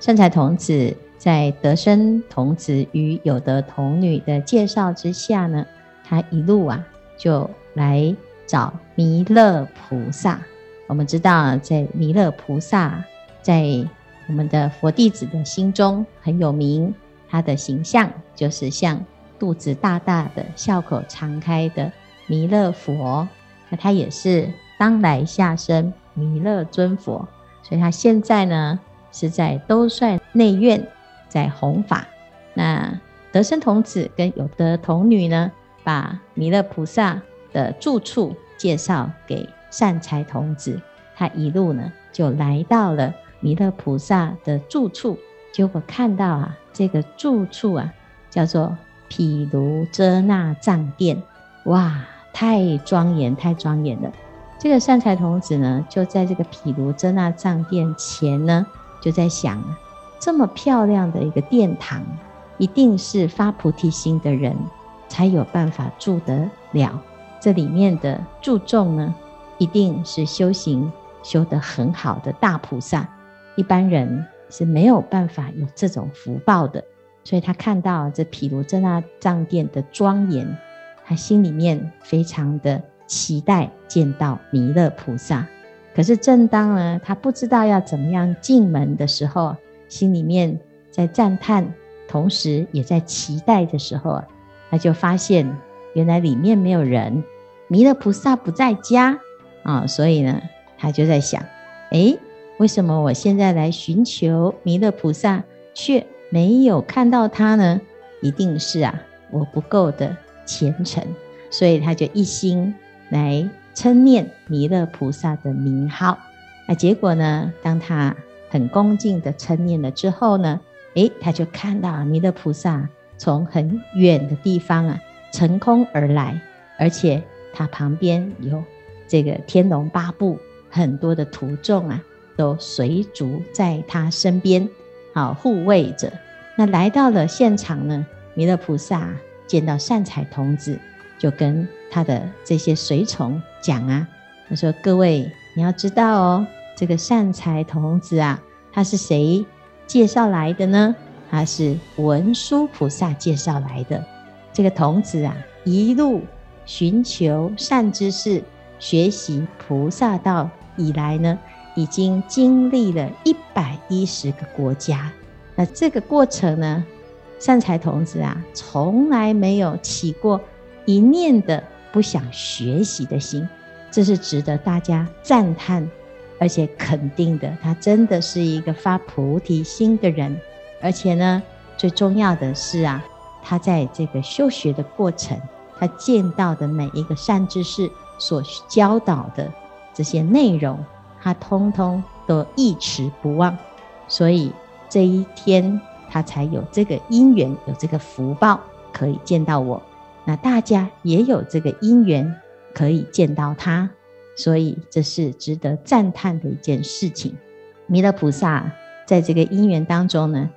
善財童子在德生童子與有德童女的介紹之下呢，他一路啊就來找彌勒菩薩。我們知道啊，在彌勒菩薩在我們的佛弟子的心中很有名，他的形象，就是像肚子大大的、笑口常開的彌勒佛。那他也是當來下生彌勒尊佛，所以他現在呢。是在兜率內院，在弘法。那德生童子跟有德童女呢，把彌勒菩薩的住處介紹給善財童子，他一路呢就來到了彌勒菩薩的住處，結果看到啊，這個住處啊叫做毗盧遮那藏殿，哇，太莊嚴，太莊嚴了。這個善財童子呢，就在這個毗盧遮那藏殿前呢。就在想，這麼漂亮的一個殿堂，一定是發菩提心的人，才有辦法住得了。這裡面的住眾呢，一定是修行修得很好的大菩薩，一般人是沒有辦法有這種福報的。所以他看到這毗盧遮那藏殿的莊嚴，他心裡面非常的期待見到彌勒菩薩。可是，正當呢，他不知道要怎麼樣進門的時候，心裡面在讚歎，同時也在期待的時候，他就發現原來裡面沒有人，彌勒菩薩不在家啊，哦，所以呢，他就在想：誒，為什麼我現在來尋求彌勒菩薩，卻沒有看到他呢？一定是啊，我不夠的虔誠，所以他就一心來。稱念彌勒菩薩的名號，那結果呢，當他很恭敬地稱念了之後呢，誒，他就看到彌勒菩薩從很遠的地方啊，乘空而來，而且他旁邊有這個天龍八部很多的徒眾啊，都隨逐在他身邊，好、啊、護衛着。那來到了現場呢，彌勒菩薩見到善財童子。就跟他的這些隨從講啊，他說：“各位，你要知道哦，這個善財童子啊，他是誰介紹來的呢？他是文殊菩薩介紹來的。這個童子啊，一路尋求善知識、學習菩薩道以來呢，已經經歷了一百一十個國家。那這個過程呢，善財童子啊，從來沒有起過。”一念的不想學習的心，這是值得大家讚嘆，而且肯定的。他真的是一個發菩提心的人，而且呢，最重要的是啊，他在這個修學的過程，他見到的每一個善知識所教導的這些內容，他通通都憶持不忘，所以這一天他才有這個因緣，有這個福報可以見到我。那大家也有這個因緣可以見到他，所以這是值得讚歎的一件事情。彌勒菩薩在這個因緣當中呢，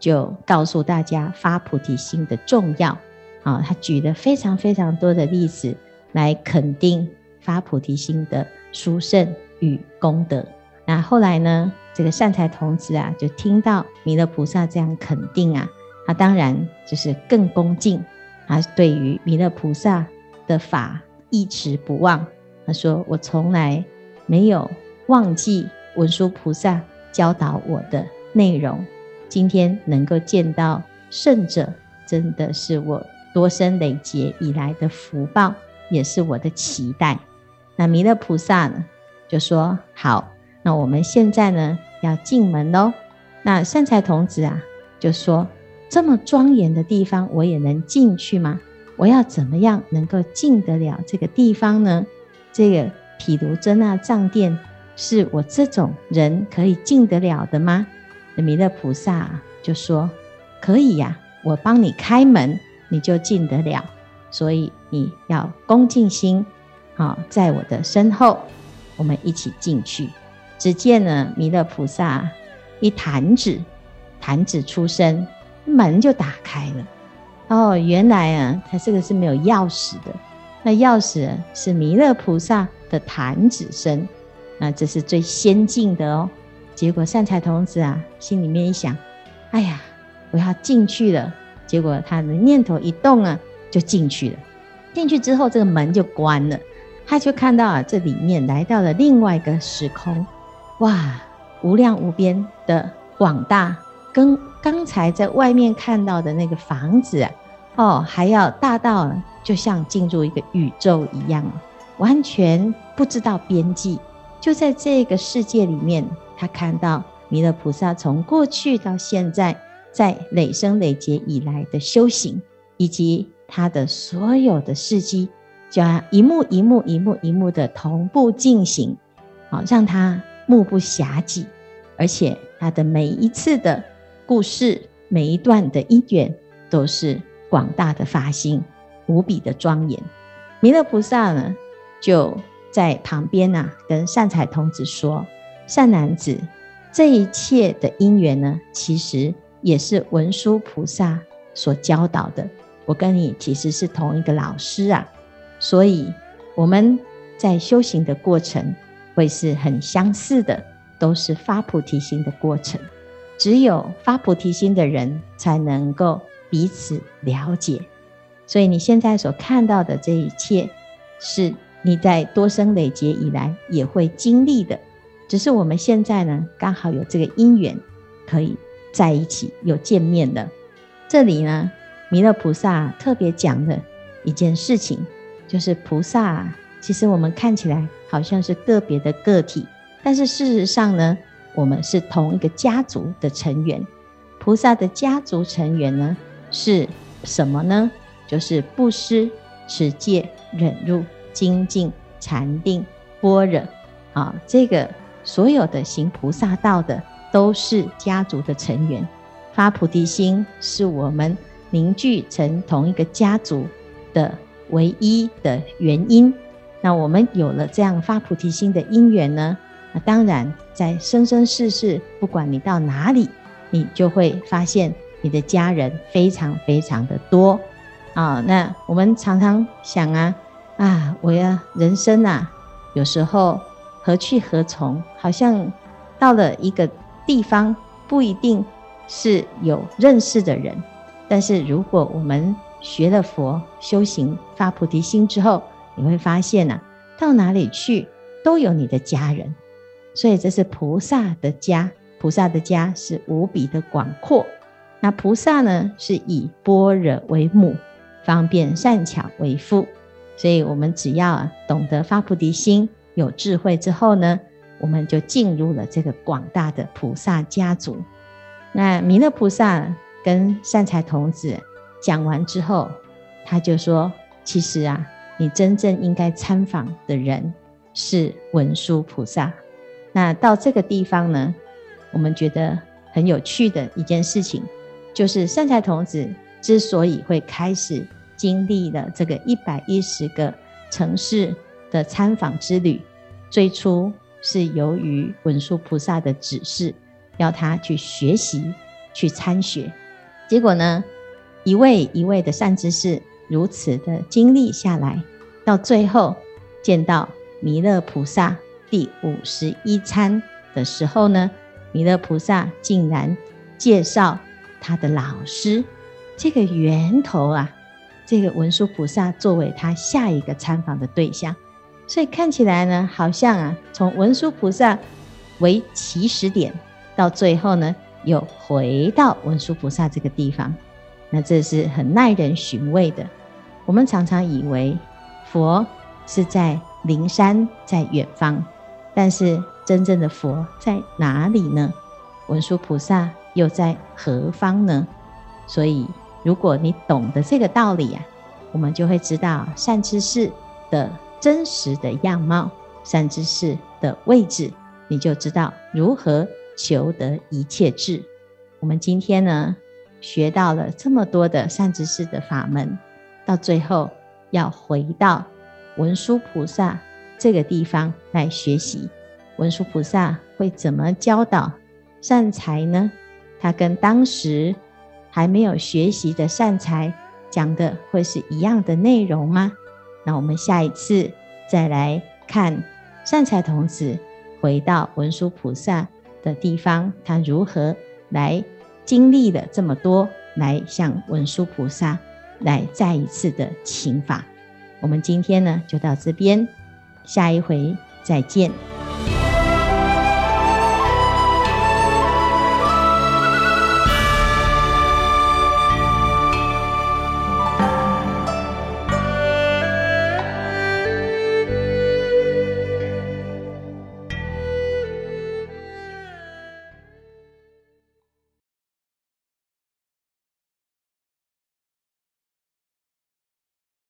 就告訴大家發菩提心的重要。啊，他舉了非常非常多的例子來肯定發菩提心的殊勝與功德。那後來呢，這個善財童子啊，就聽到彌勒菩薩這樣肯定啊，他當然就是更恭敬。他對於彌勒菩薩的法一直不忘，他說：“我從來沒有忘記文殊菩薩教導我的內容。今天能夠見到聖者，真的是我多生累劫以來的福報，也是我的期待。”那彌勒菩薩呢，就說：“好，那我們現在呢，要進門嘍。”那善財童子啊，就說。這麼莊嚴的地方，我也能進去嗎？我要怎麼樣能夠進得了這個地方呢？這個毗盧遮那藏殿是我這種人可以進得了的嗎？那彌勒菩薩就說：“可以呀、啊，我幫你開門，你就進得了。所以你要恭敬心，好，在我的身後，我們一起進去。只見呢，彌勒菩薩一彈指，彈指出聲。”門就打開了，哦，原來啊，它這個是沒有鑰匙的，那鑰匙是彌勒菩薩的彈指聲，那這是最先進的哦。結果善財童子啊，心裡面一想，哎呀，我要進去了。結果他的念頭一動啊，就進去了。進去之後，這個門就關了，他就看到啊，這裡面來到了另外一個時空，哇，無量無邊的廣大跟。剛才在外面看到的那個房子啊，哦，還要大到就像進入一個宇宙一樣，完全不知道邊際。就在這個世界裡面，他看到彌勒菩薩從過去到現在，在累生累劫以來的修行，以及他的所有的事跡，就要一幕一幕一幕一幕的同步進行，好，哦，讓他目不暇接，而且他的每一次的。故事每一段的因緣都是廣大的發心，無比的莊嚴。彌勒菩薩呢就在旁邊呢啊，跟善財童子說：“善男子，這一切的因緣呢，其實也是文殊菩薩所教導的。我跟你其實是同一個老師啊，所以我們在修行的過程會是很相似的，都是發菩提心的過程。”只有發菩提心的人才能夠彼此了解，所以你現在所看到的這一切，是你在多生累劫以來也會經歷的，只是我們現在呢剛好有這個因緣，可以在一起又見面了。這裡呢，彌勒菩薩特別講的一件事情，就是菩薩其實我們看起來好像是個別的個體，但是事實上呢。我們是同一個家族的成員，菩薩的家族成員呢是什麼呢？就是布施、持戒、忍辱、精進、禪定、般若啊！這個所有的行菩薩道的都是家族的成員。發菩提心是我們凝聚成同一個家族的唯一的原因。那我們有了這樣發菩提心的因緣呢？那當然，在生生世世，不管你到哪裡，你就會發現你的家人非常非常的多。啊、哦，那我們常常想啊，啊，我呀，人生啊，有時候何去何從？好像到了一個地方不一定是有認識的人。但是如果我們學了佛、修行、發菩提心之後，你會發現吶、啊，到哪裡去都有你的家人。所以這是菩薩的家，菩薩的家是無比的廣闊。那菩薩呢，是以般若為母，方便善巧為父。所以我們只要啊，懂得發菩提心，有智慧之後呢，我們就進入了這個廣大的菩薩家族。那彌勒菩薩跟善財童子講完之後，他就說：其實啊，你真正應該參訪的人是文殊菩薩。那到這個地方呢，我們覺得很有趣的一件事情，就是善財童子之所以會開始經歷了這個一百一十個城市的參訪之旅，最初是由於文殊菩薩的指示，要他去學習、去參學。結果呢，一位一位的善知識如此的經歷下來，到最後見到彌勒菩薩。第五十一參的時候呢，彌勒菩薩竟然介紹他的老師，這個源頭啊，這個文殊菩薩作為他下一個參訪的對象，所以看起來呢，好像啊，從文殊菩薩為起始點，到最後呢，又回到文殊菩薩這個地方，那這是很耐人尋味的。我們常常以為佛是在靈山，在遠方。但是真正的佛在哪裡呢？文殊菩薩又在何方呢？所以，如果你懂得這個道理啊，我們就會知道善知識的真實的樣貌、善知識的位置，你就知道如何求得一切智。我們今天呢，學到了這麼多的善知識的法門，到最後要回到文殊菩薩這個地方來學習，文殊菩薩會怎麼教導善財呢？他跟當時還沒有學習的善財，講的會是一樣的內容嗎？那我們下一次再來看善財童子回到文殊菩薩的地方，他如何來經歷了這麼多，來向文殊菩薩來再一次的請法。我們今天呢，就到這邊。下一回再見。